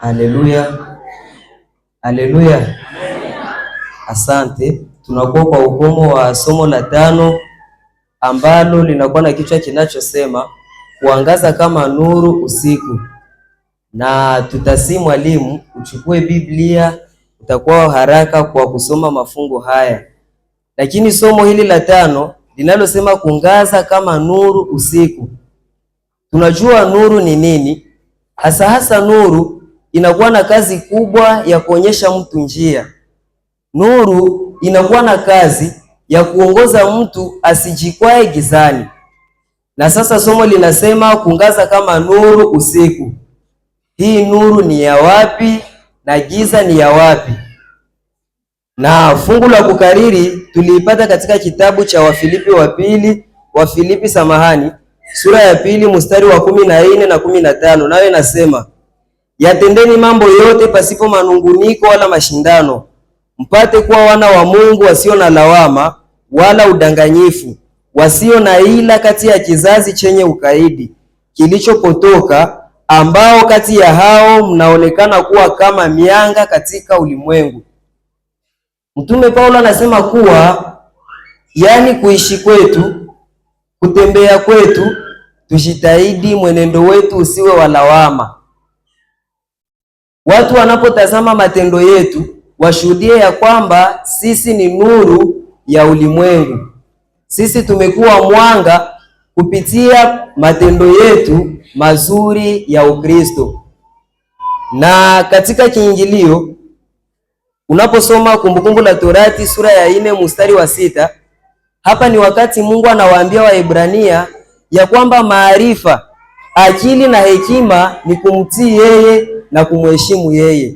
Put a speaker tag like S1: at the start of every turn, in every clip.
S1: Haleluya, haleluya, asante. Tunakuwa kwa ukomo wa somo la tano ambalo linakuwa na kichwa kinachosema kuangaza kama nuru usiku, na tutasi mwalimu uchukue Biblia, utakuwa haraka kwa kusoma mafungo haya, lakini somo hili la tano linalosema kungaza kama nuru usiku, tunajua nuru ni nini hasa hasa nuru inakuwa na kazi kubwa ya kuonyesha mtu njia. Nuru inakuwa na kazi ya kuongoza mtu asijikwae gizani. Na sasa somo linasema kungaza kama nuru usiku. Hii nuru ni ya wapi na giza ni ya wapi? Na fungu la kukariri tuliipata katika kitabu cha Wafilipi wa pili, Wafilipi samahani, sura ya pili mstari wa kumi na nne na kumi na tano nayo inasema Yatendeni mambo yote pasipo manunguniko wala mashindano, mpate kuwa wana wa Mungu wasio na lawama wala udanganyifu, wasio na ila kati ya kizazi chenye ukaidi kilichopotoka, ambao kati ya hao mnaonekana kuwa kama mianga katika ulimwengu. Mtume Paulo anasema kuwa yaani, kuishi kwetu, kutembea kwetu, tujitahidi mwenendo wetu usiwe wa lawama Watu wanapotazama matendo yetu washuhudie ya kwamba sisi ni nuru ya ulimwengu. Sisi tumekuwa mwanga kupitia matendo yetu mazuri ya Ukristo. Na katika kiingilio unaposoma Kumbukumbu la Torati sura ya nne mstari wa sita hapa ni wakati Mungu anawaambia Waebrania ya kwamba maarifa, akili na hekima ni kumtii yeye na kumheshimu yeye.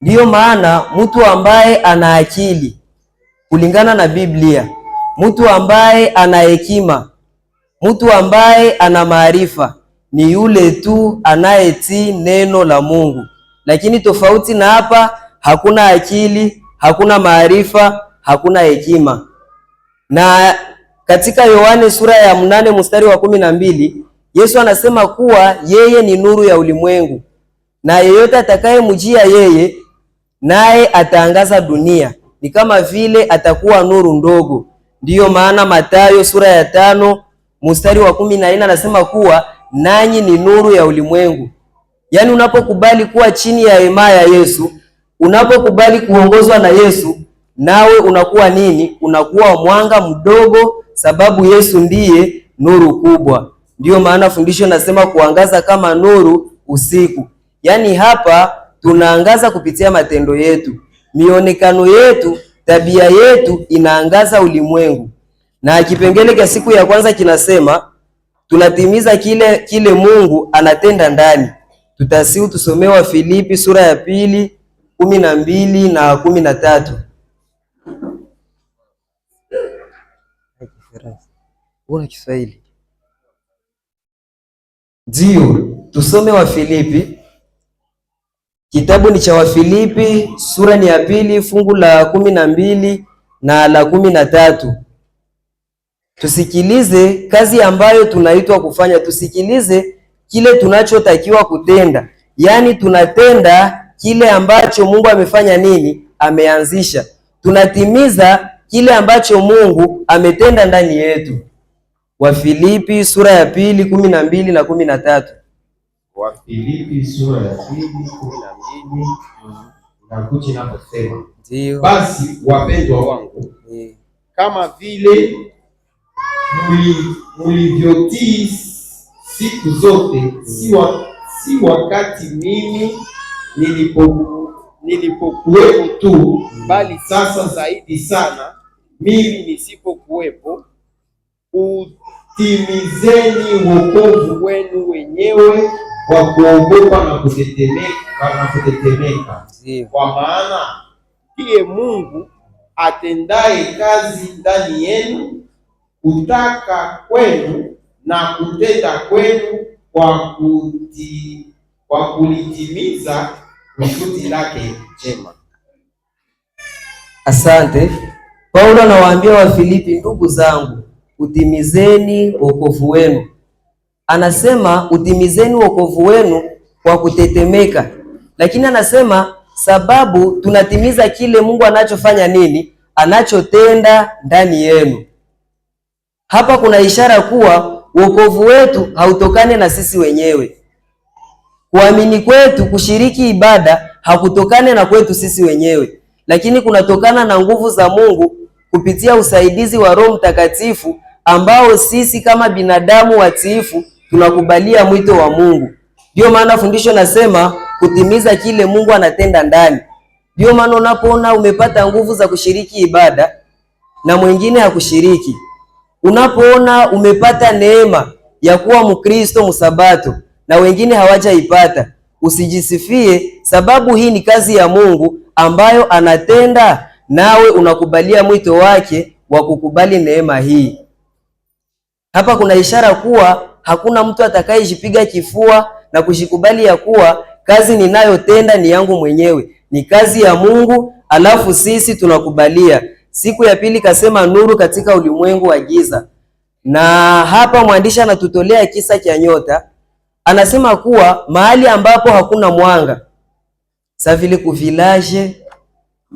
S1: Ndiyo maana mtu ambaye ana akili kulingana na Biblia, mtu ambaye ana hekima, mtu ambaye ana maarifa ni yule tu anayetii neno la Mungu. Lakini tofauti na hapa, hakuna akili, hakuna maarifa, hakuna hekima. Na katika Yohane sura ya mnane mstari wa kumi na mbili Yesu anasema kuwa yeye ni nuru ya ulimwengu na yeyote atakayemjia yeye naye ataangaza dunia, ni kama vile atakuwa nuru ndogo. Ndiyo maana Mathayo sura ya tano mstari wa kumi na nne anasema kuwa nanyi ni nuru ya ulimwengu. Yaani, unapokubali kuwa chini ya hema ya Yesu, unapokubali kuongozwa na Yesu, nawe unakuwa nini? Unakuwa mwanga mdogo, sababu Yesu ndiye nuru kubwa. Ndiyo maana fundisho nasema kuangaza kama nuru usiku. Yaani hapa tunaangaza kupitia matendo yetu, mionekano yetu, tabia yetu inaangaza ulimwengu. Na kipengele cha siku ya kwanza kinasema tunatimiza kile kile Mungu anatenda ndani. Tutasiu tusomewa Filipi sura ya pili kumi na mbili na kumi na tatu. Kiswahili ndio tusome wa Filipi Kitabu ni cha Wafilipi sura ni ya pili fungu la kumi na mbili na la kumi na tatu. Tusikilize kazi ambayo tunaitwa kufanya, tusikilize kile tunachotakiwa kutenda, yaani tunatenda kile ambacho Mungu amefanya nini, ameanzisha. Tunatimiza kile ambacho Mungu ametenda ndani yetu. Wafilipi sura ya pili kumi na mbili na kumi na tatu sura ya pili kumi na mbili basi wapendwa wangu, kama vile mulivyotii siku zote, si wakati mimi nilipokuwepo tu, bali sasa zaidi sana mimi nisipokuwepo, utimizeni wokovu wenu wenyewe kwa kuogopa na kutetemeka na kutetemeka, kwa maana ndiye Mungu atendaye kazi ndani yenu kutaka kwenu na kutenda kwenu kwa kuti, kwa kulitimiza kusudi lake jema. Asante. Paulo anawaambia Wafilipi, ndugu zangu, utimizeni wokovu wenu anasema utimizeni wokovu wenu kwa kutetemeka, lakini anasema sababu tunatimiza kile Mungu anachofanya nini, anachotenda ndani yenu. Hapa kuna ishara kuwa wokovu wetu hautokane na sisi wenyewe. Kuamini kwetu, kushiriki ibada hakutokane na kwetu sisi wenyewe, lakini kunatokana na nguvu za Mungu kupitia usaidizi wa Roho Mtakatifu ambao sisi kama binadamu watiifu tunakubalia mwito wa Mungu. Ndio maana fundisho nasema kutimiza kile Mungu anatenda ndani. Ndio maana unapoona umepata nguvu za kushiriki ibada na mwingine hakushiriki, unapoona umepata neema ya kuwa Mkristo msabato na wengine hawajaipata, usijisifie, sababu hii ni kazi ya Mungu ambayo anatenda, nawe unakubalia mwito wake wa kukubali neema hii. Hapa kuna ishara kuwa hakuna mtu atakayejipiga kifua na kushikubali ya kuwa kazi ninayotenda ni yangu mwenyewe, ni kazi ya Mungu, alafu sisi tunakubalia. Siku ya pili kasema nuru katika ulimwengu wa giza, na hapa mwandishi anatutolea kisa cha nyota. Anasema kuwa mahali ambapo hakuna mwanga sa vile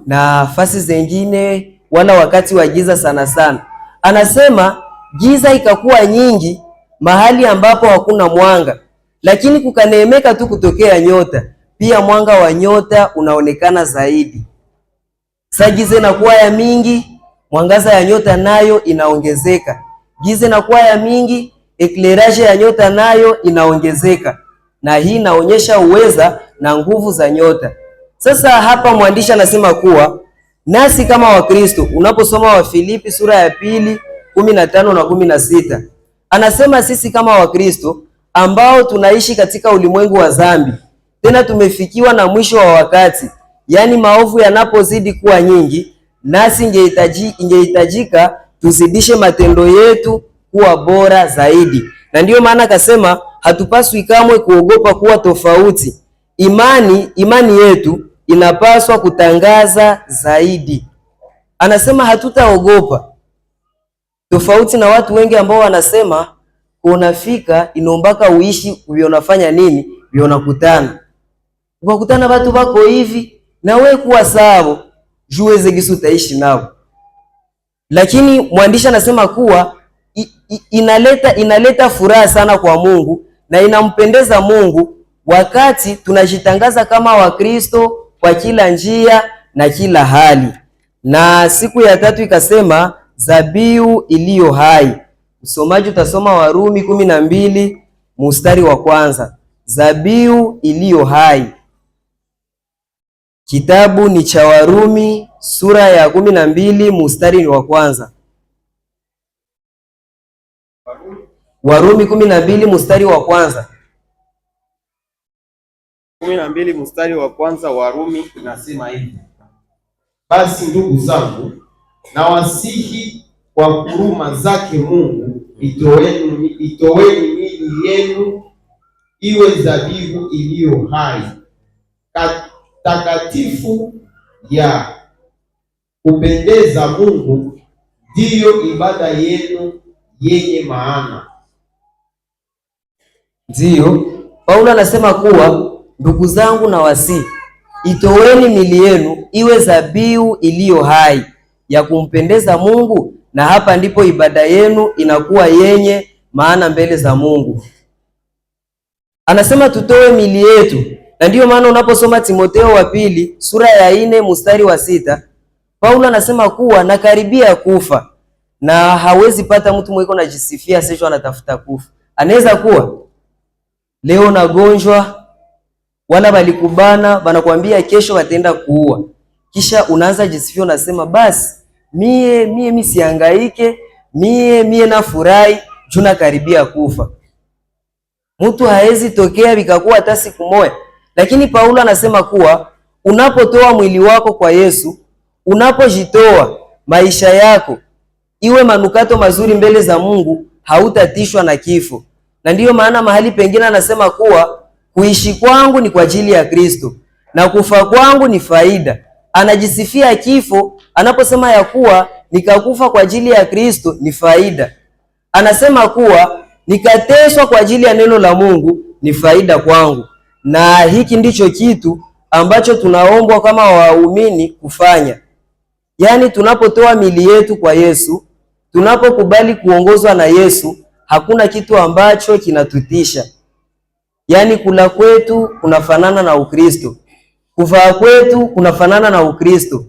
S1: na fasi zengine, wala wakati wa giza sana sana, anasema giza ikakuwa nyingi mahali ambapo hakuna mwanga, lakini kukaneemeka tu kutokea nyota. Pia mwanga wa nyota unaonekana zaidi. Sagize na kwaya mingi, mwangaza ya nyota nayo inaongezeka. Gize na kwaya mingi, eclairage ya nyota nayo inaongezeka, na hii inaonyesha uweza na nguvu za nyota. Sasa hapa mwandishi anasema kuwa nasi kama Wakristo, unaposoma Wafilipi sura ya pili kumi na tano na kumi na sita Anasema sisi kama Wakristo ambao tunaishi katika ulimwengu wa dhambi, tena tumefikiwa na mwisho wa wakati, yaani maovu yanapozidi kuwa nyingi, nasi ingehitajika tuzidishe matendo yetu kuwa bora zaidi, na ndiyo maana akasema hatupaswi kamwe kuogopa kuwa tofauti. Imani imani yetu inapaswa kutangaza zaidi. Anasema hatutaogopa tofauti na watu wengi ambao wanasema unafika inombaka uishi unafanya nini unakutana ukakutana watu wako hivi na wewe kuwa sawa juweze gisu utaishi nao, lakini mwandishi anasema kuwa i, i, inaleta inaleta furaha sana kwa Mungu na inampendeza Mungu wakati tunajitangaza kama Wakristo kwa kila njia na kila hali. Na siku ya tatu ikasema dhabihu iliyo hai. Msomaji utasoma Warumi kumi na mbili mustari wa kwanza, dhabihu iliyo hai. Kitabu ni cha Warumi sura ya kumi na mbili mustari wa kwanza. Warumi kumi na mbili mustari wa kwanza. Kumi na mbili mustari wa kwanza Warumi inasema hivi: basi ndugu zangu na wasihi kwa huruma zake Mungu, itoweni itoweni miili yenu iwe dhabihu iliyo hai takatifu ya kupendeza Mungu, ndiyo ibada yenu yenye maana. Ndiyo Paulo anasema kuwa ndugu zangu, na wasihi itoweni mili yenu iwe dhabihu iliyo hai ya kumpendeza Mungu, na hapa ndipo ibada yenu inakuwa yenye maana mbele za Mungu. Anasema tutoe mili yetu, na ndiyo maana unaposoma Timotheo wa pili sura ya nne mstari wa sita Paulo anasema kuwa nakaribia kufa na hawezi pata mtu mweko najisifia sesho anatafuta kufa. Anaweza kuwa leo nagonjwa, wala balikubana, banakwambia kesho wataenda kuua, kisha unaanza jisifia, unasema basi mie mie misiangaike, mie mie nafurahi juna karibia kufa. Mtu haezi tokea vikakuwa hata siku moja, lakini Paulo anasema kuwa unapotoa mwili wako kwa Yesu, unapojitoa maisha yako iwe manukato mazuri mbele za Mungu, hautatishwa na kifo. Na ndiyo maana mahali pengine anasema kuwa kuishi kwangu ni kwa ajili ya Kristo na kufa kwangu ni faida anajisifia kifo anaposema ya kuwa nikakufa kwa ajili ya Kristo ni faida. Anasema kuwa nikateswa kwa ajili ya neno la Mungu ni faida kwangu, na hiki ndicho kitu ambacho tunaombwa kama waumini kufanya, yaani tunapotoa mili yetu kwa Yesu, tunapokubali kuongozwa na Yesu, hakuna kitu ambacho kinatutisha, yaani kula kwetu kunafanana na Ukristo. Kuvaa kwetu kunafanana na Ukristo,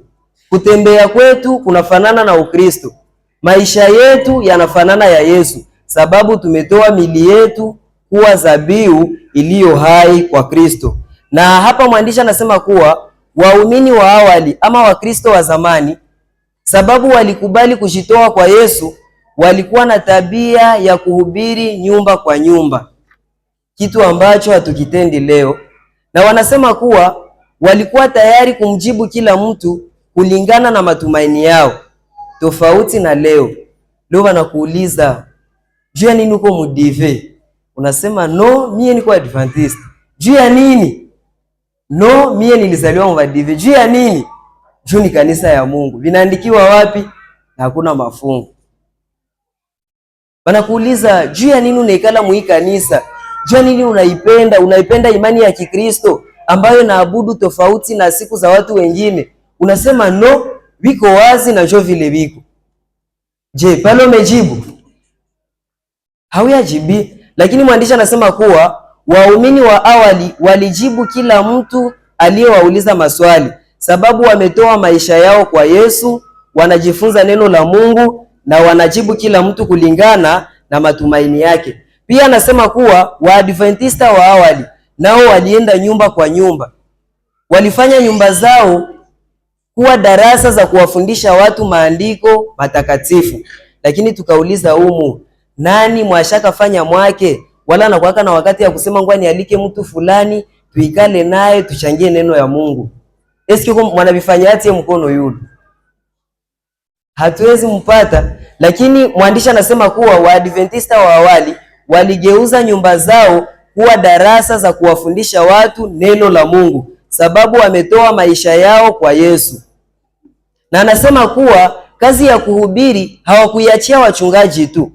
S1: kutembea kwetu kunafanana na Ukristo, maisha yetu yanafanana ya Yesu, sababu tumetoa mili yetu kuwa zabiu iliyo hai kwa Kristo. Na hapa mwandishi anasema kuwa waumini wa awali ama Wakristo wa zamani, sababu walikubali kujitoa kwa Yesu, walikuwa na tabia ya kuhubiri nyumba kwa nyumba, kitu ambacho hatukitendi leo, na wanasema kuwa walikuwa tayari kumjibu kila mtu kulingana na matumaini yao, tofauti na leo. Leo wanakuuliza juu ya nini uko mudive, unasema no, mie niko Adventist. Juu ya nini? No, mie nilizaliwa mvadive. Juu ya nini? Juu ni kanisa ya Mungu. Vinaandikiwa wapi? Na hakuna mafungu. Wanakuuliza juu ya nini unaikala muii kanisa, juu ya nini unaipenda, unaipenda imani ya Kikristo ambayo naabudu tofauti na siku za watu wengine, unasema no, viko wazi na jo vile viko. Je, pale umejibu? Hauyajibi. Lakini mwandishi anasema kuwa waumini wa awali walijibu kila mtu aliyewauliza maswali, sababu wametoa maisha yao kwa Yesu, wanajifunza neno la Mungu na wanajibu kila mtu kulingana na matumaini yake. Pia anasema kuwa Waadventista wa awali nao walienda nyumba kwa nyumba, walifanya nyumba zao kuwa darasa za kuwafundisha watu maandiko matakatifu. Lakini tukauliza umu nani mwashaka fanya mwake, wala nakuaka na wakati ya kusema ngwani alike mtu fulani tuikale naye tuchangie neno ya Mungu. Eski mwanavifanya atie mkono yulu. hatuwezi mpata. Lakini mwandishi anasema kuwa Waadventista wa awali waligeuza nyumba zao kuwa darasa za kuwafundisha watu neno la Mungu, sababu wametoa maisha yao kwa Yesu. Na anasema kuwa kazi ya kuhubiri hawakuiachia wachungaji tu,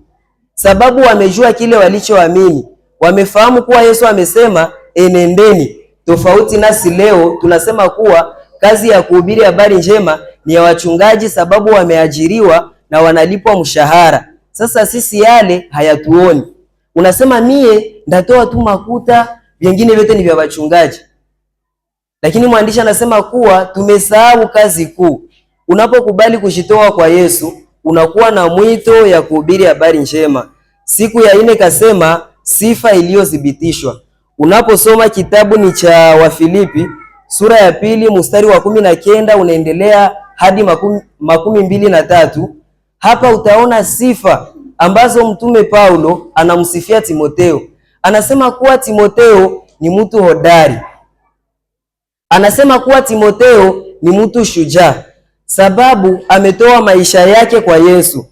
S1: sababu wamejua kile walichoamini. Wamefahamu kuwa Yesu amesema enendeni. Tofauti nasi leo tunasema kuwa kazi ya kuhubiri habari njema ni ya wachungaji, sababu wameajiriwa na wanalipwa mshahara. Sasa sisi yale hayatuoni, unasema mie ndatoa tu makuta, vingine vyote ni vya wachungaji. Lakini mwandishi anasema kuwa tumesahau kazi kuu. Unapokubali kushitoa kwa Yesu, unakuwa na mwito ya kuhubiri habari njema. Siku ya nne kasema sifa iliyothibitishwa. Unaposoma kitabu ni cha Wafilipi sura ya pili mstari wa kumi na kenda unaendelea hadi makumi, makumi mbili na tatu hapa utaona sifa ambazo mtume Paulo anamsifia Timotheo anasema kuwa Timotheo ni mtu hodari, anasema kuwa Timotheo ni mtu shujaa, sababu ametoa maisha yake kwa Yesu,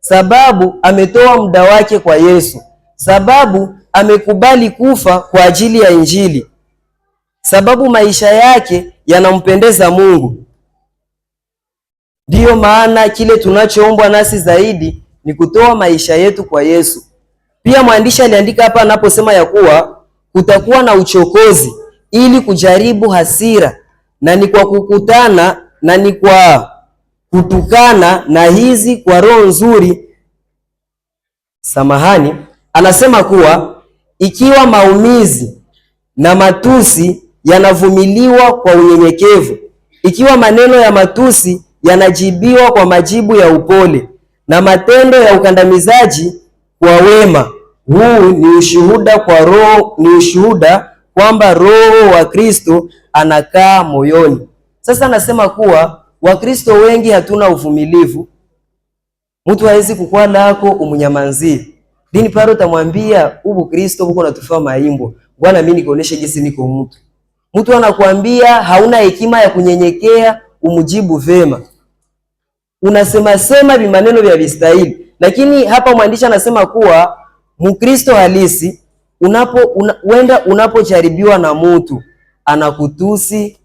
S1: sababu ametoa muda wake kwa Yesu, sababu amekubali kufa kwa ajili ya Injili, sababu maisha yake yanampendeza Mungu. Ndiyo maana kile tunachoombwa nasi zaidi ni kutoa maisha yetu kwa Yesu. Pia mwandishi aliandika hapa anaposema ya kuwa kutakuwa na uchokozi ili kujaribu hasira, na ni kwa kukutana na ni kwa kutukana na hizi kwa roho nzuri. Samahani, anasema kuwa ikiwa maumizi na matusi yanavumiliwa kwa unyenyekevu, ikiwa maneno ya matusi yanajibiwa kwa majibu ya upole na matendo ya ukandamizaji kwa wema. Huu ni ushuhuda kwa roho, ni ushuhuda kwamba roho wa Kristo anakaa moyoni. Sasa anasema kuwa Wakristo wengi hatuna uvumilivu. Mtu hawezi kukua nako umnyamanzie dini paro, utamwambia ubu Kristo huko natufaa maimbo bwana, mimi nikuoneshe jinsi niko mtu. Mtu anakuambia hauna hekima ya kunyenyekea, umjibu vema, unasema sema vimaneno vya vistahili lakini hapa mwandishi anasema kuwa Mkristo halisi unapo uenda wenda unapojaribiwa na mutu anakutusi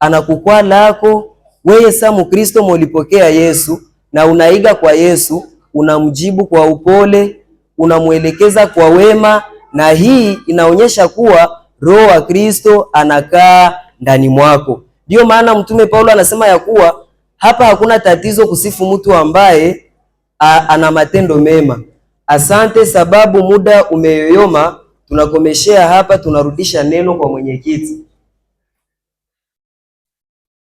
S1: anakukwa lako weye, sa Mkristo mulipokea Yesu na unaiga kwa Yesu, unamjibu kwa upole, unamwelekeza kwa wema, na hii inaonyesha kuwa Roho wa Kristo anakaa ndani mwako. Ndiyo maana Mtume Paulo anasema ya kuwa hapa hakuna tatizo kusifu mtu ambaye a, ana matendo mema. Asante, sababu muda umeyoyoma. Tunakomeshea hapa, tunarudisha neno kwa mwenyekiti.